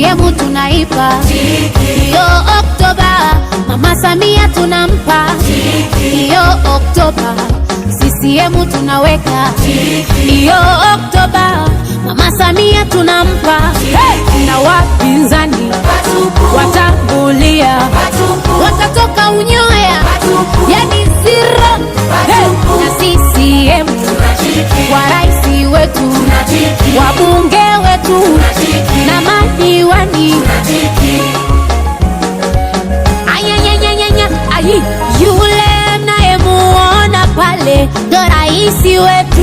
CCM tunaipa hiyo Oktoba, Mama Samia tunampa hiyo Oktoba, CCM tunaweka hiyo Oktoba, Mama Samia tunampa hey! na wapinzani watambulia watatoka unyoya yani zira hey! na CCM wa rais wetu wabunge wetu diwani yule mnayemuona pale ndo raisi wetu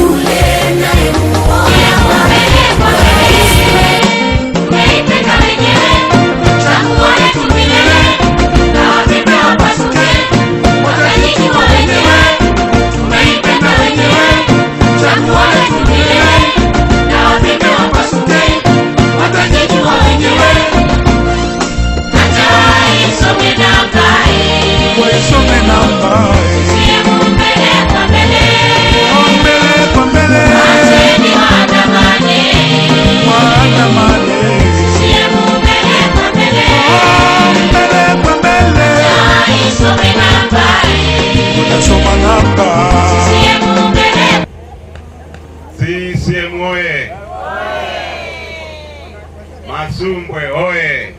Masumbwe oye!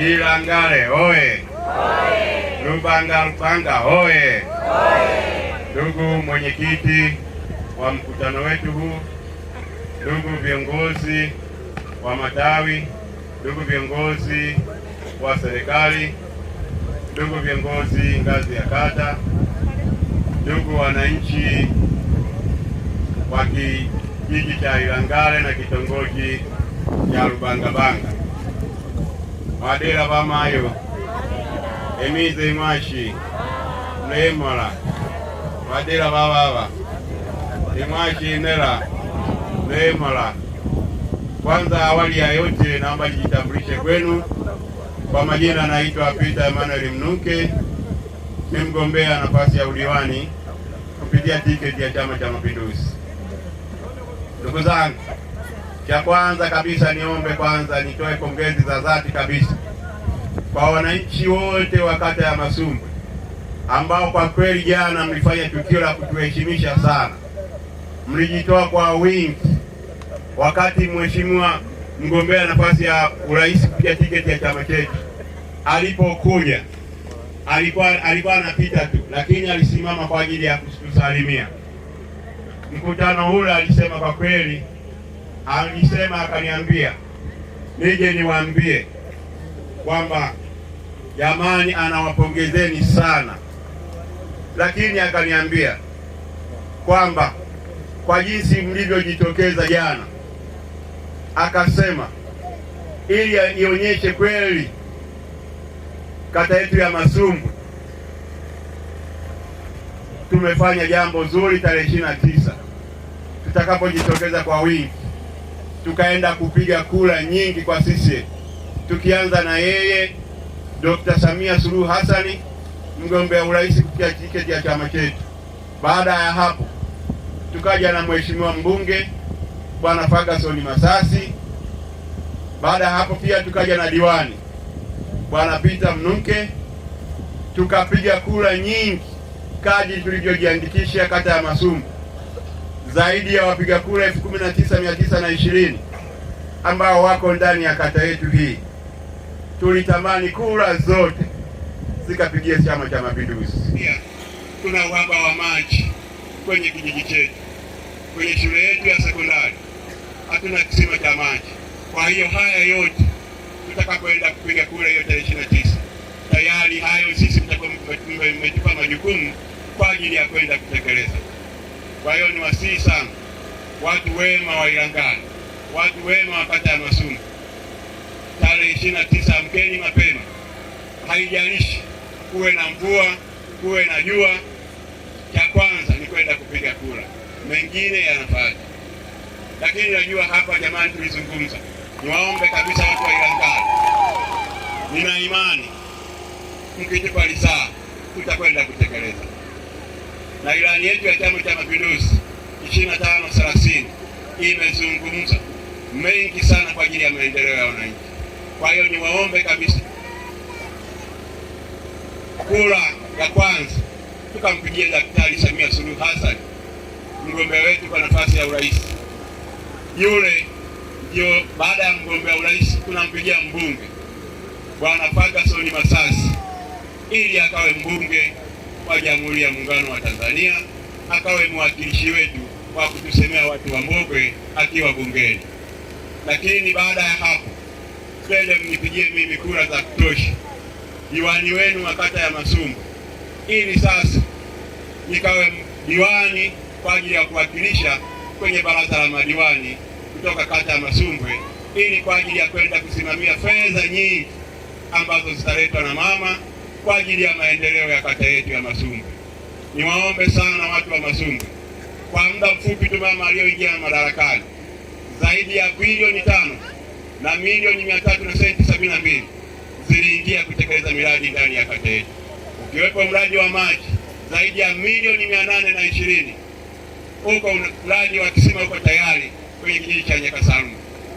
Ilangale oye! Lubanga Lupanga oye! Ndugu mwenyekiti wa mkutano wetu huu, ndugu viongozi wa matawi, ndugu viongozi wa serikali, ndugu viongozi ngazi ya kata, ndugu wananchi wa kijiji cha Ilangale na kitongoji ya lubangabanga mwadela pamayo emize imwashi mlemola wadela pababa imwashi inela mlemola kwanza awali ya yote naomba nijitambulishe kwenu kwa majina naitwa Peter Emmanuel Mnuke ni mgombea nafasi ya udiwani kupitia tiketi ya chama cha mapinduzi ndugu zangu cha kwanza kabisa niombe kwanza nitoe pongezi za dhati kabisa kwa wananchi wote wa kata ya Masumbwe ambao kwa kweli jana mlifanya tukio la kutuheshimisha sana, mlijitoa kwa wingi wakati mheshimiwa mgombea nafasi ya urais kupitia tiketi ya chama chetu alipokuja, alikuwa alikuwa anapita tu, lakini alisimama kwa ajili ya kutusalimia. Mkutano ule alisema kwa kweli alisema akaniambia nije niwaambie kwamba jamani, anawapongezeni sana, lakini akaniambia kwamba kwa jinsi mlivyojitokeza jana, akasema ili ionyeshe kweli kata yetu ya Masumbwe tumefanya jambo zuri. Tarehe ishirini na tisa tutakapojitokeza kwa wingi tukaenda kupiga kura nyingi kwa sisi, tukianza na yeye Dr. Samia Suluhu Hassani, mgombea urais kupitia tiketi ya chama chetu. Baada ya hapo, tukaja na mheshimiwa mbunge bwana Ferguson Masasi. Baada ya hapo pia tukaja na diwani bwana Peter Mnunke, tukapiga kura nyingi kadi tulivyojiandikisha kata ya Masumbu zaidi ya wapiga kura elfu kumi na tisa mia tisa na ishirini ambao wako ndani ya kata yetu hii. Tulitamani kura zote zikapigia Chama cha Mapinduzi. Kuna tuna uhaba wa maji kwenye kijiji chetu, kwenye shule yetu ya sekondari hatuna kisima cha maji. Kwa hiyo haya yote tutakapoenda kupiga kura hiyo tarehe ishirini na tisa, tayari hayo sisi mtakuwa mmetupa majukumu kwa ajili ya kwenda kutekeleza. Kwa hiyo ni wasihi sana watu wema wa watu wema wa kata ya tarehe ishirini na tisa amkeni mapema, haijalishi kuwe na mvua kuwe na jua. Cha kwanza ni kwenda kupiga kura, mengine yanafuata. Lakini najua hapa, jamani, tulizungumza. Niwaombe kabisa watu wa Ilangani, nina imani mkitupa risaa tutakwenda kutekeleza na ilani yetu ya Chama cha Mapinduzi 25 30 imezungumza mengi sana kwa ajili ya maendeleo ya wananchi. Kwa hiyo niwaombe kabisa, kura ya kwanza tukampigie Daktari Samia Suluhu Hassan mgombea wetu kwa nafasi ya urais. Yule ndio baada ya mgombea urais tunampigia mbunge Bwana fagasoni Masasi ili akawe mbunge wa Jamhuri ya Muungano wa Tanzania akawe mwakilishi wetu wa kutusemea watu wa Mbogwe akiwa bungeni. Lakini baada ya hapo, twende mnipigie mimi kura za kutosha, diwani wenu wa kata ya Masumbu, ili sasa nikawe diwani kwa ajili ya kuwakilisha kwenye baraza la madiwani kutoka kata ya Masumbwe, ili kwa ajili ya kwenda kusimamia fedha nyingi ambazo zitaletwa na mama kwa ajili ya maendeleo ya kata yetu ya Masumbwe. Niwaombe sana watu wa Masumbwe, kwa muda mfupi tu mama aliyoingia madarakani, zaidi ya bilioni tano na milioni mia tatu na senti sabini na mbili ziliingia kutekeleza miradi ndani ya kata yetu, ukiwepo mradi wa maji zaidi ya milioni mia nane na ishirini huko mradi wa kisima uko tayari kwenye kijiji cha Nyakasalu,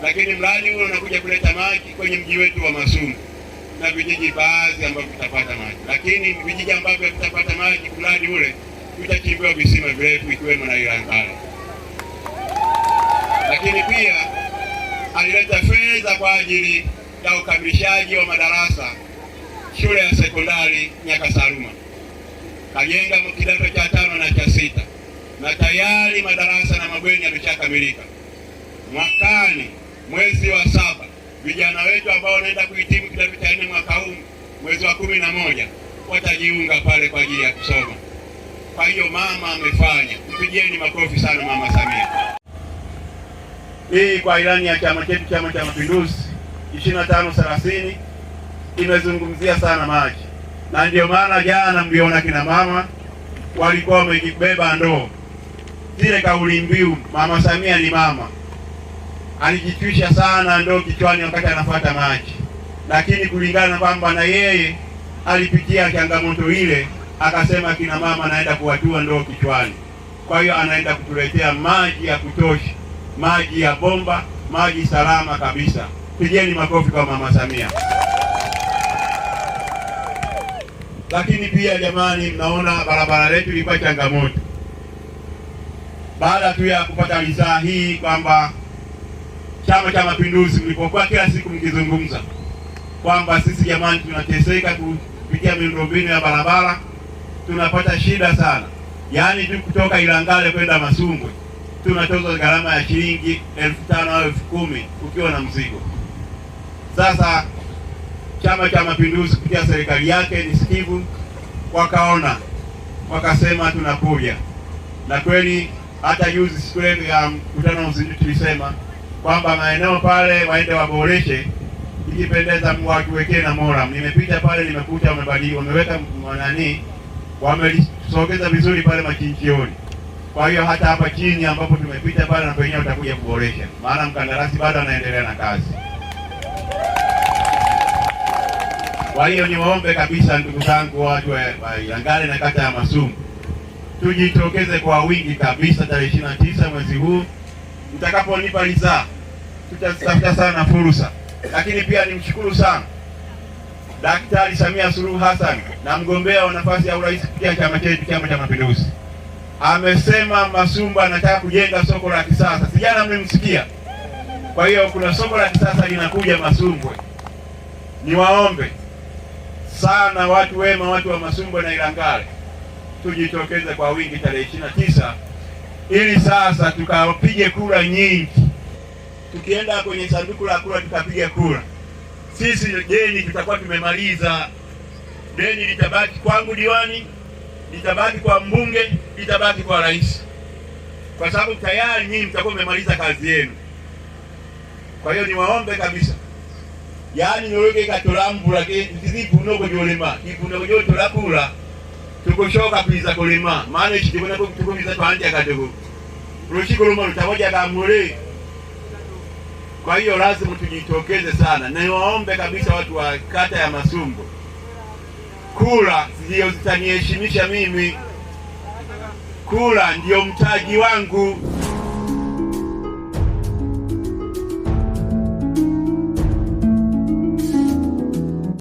lakini mradi huo unakuja kuleta maji kwenye mji wetu wa Masumbwe na vijiji baadhi ambavyo vitapata maji, lakini vijiji ambavyo vitapata maji fulani ule vitachimbiwa visima virefu ikiwemo na Ilangara. Lakini pia alileta fedha kwa ajili ya ukamilishaji wa madarasa shule ya sekondari Nyakasaruma, kajenga kidato cha tano na cha sita na tayari madarasa na mabweni yameshakamilika. Mwakani mwezi wa saba vijana wetu ambao wanaenda kuhitimu kidato cha nne mwaka huu mwezi wa kumi na moja watajiunga pale kwa ajili ya kusoma. Kwa hiyo mama amefanya, mpigieni makofi sana mama Samia. Hii kwa ilani ya chama chetu chama cha mapinduzi tano thelathini imezungumzia sana maji, na ndio maana jana mliona kina mama walikuwa wamejibeba ndoo zile kauli mbiu, mama Samia ni mama alijitwisha sana ndoo kichwani wakati anafuata maji, lakini kulingana kwamba na yeye alipitia changamoto ile, akasema kina mama anaenda kuwatua ndoo kichwani. Kwa hiyo anaenda kutuletea maji ya kutosha, maji ya bomba, maji salama kabisa. Pigeni makofi kwa mama Samia. Lakini pia jamani, mnaona barabara letu ilikuwa changamoto baada tu ya kupata ridhaa hii kwamba Chama cha Mapinduzi mlipokuwa kila siku mkizungumza kwamba sisi jamani, tunateseka kupitia miundombinu ya barabara, tunapata shida sana, yaani tu kutoka Ilangale kwenda Masumbwe tunatozwa gharama ya shilingi elfu tano au elfu kumi ukiwa na mzigo. Sasa Chama cha Mapinduzi kupitia serikali yake ni sikivu, wakaona wakasema tunakuja, na kweli hata juzi siku ya mkutano wa uzinduzi tulisema kwamba maeneo pale waende waboreshe, ikipendeza wakiwekee na moram. Nimepita pale nimekuta wamebadili, wameweka nani, wamelisogeza vizuri pale machinjioni. Kwa hiyo hata hapa chini ambapo tumepita pale na penyewe watakuja kuboresha, maana mkandarasi bado anaendelea na kazi. Kwa hiyo niwaombe kabisa, ndugu zangu, watu wa Ilangale na kata ya Masumu tujitokeze kwa wingi kabisa tarehe ishirini na tisa mwezi huu mtakaponipa ridhaa tutazitafuta sana fursa, lakini pia nimshukuru sana Daktari Samia Suluhu Hassan na mgombea wa nafasi ya urais kupitia chama chetu, Chama cha Mapinduzi, amesema Masumba anataka kujenga soko la kisasa. Sijana mmemsikia. Kwa hiyo kuna soko la kisasa linakuja Masumbwe. Niwaombe sana watu wema, watu wa Masumbwe na Ilangale, tujitokeze kwa wingi tarehe ishirini na tisa ili sasa tukapige kura nyingi tukienda kwenye sanduku la kura tukapiga kura, sisi deni tutakuwa tumemaliza. Deni litabaki kwangu diwani, litabaki kwa mbunge, litabaki kwa rais, kwa sababu tayari nyinyi mtakuwa mmemaliza kazi yenu. Kwa hiyo niwaombe kabisa, yaani niweke katolamvula zivuno kwenye ulema kivuno kwenye tolakula tukushoka kuiza kulima maana ichi tikunakutukumiza twanja katoko luchikuluma lutamoja kamule kwa hiyo lazima tujitokeze sana. Niwaombe kabisa watu wa kata ya masumbu kura ndio zitaniheshimisha mimi, kura ndio mtaji wangu.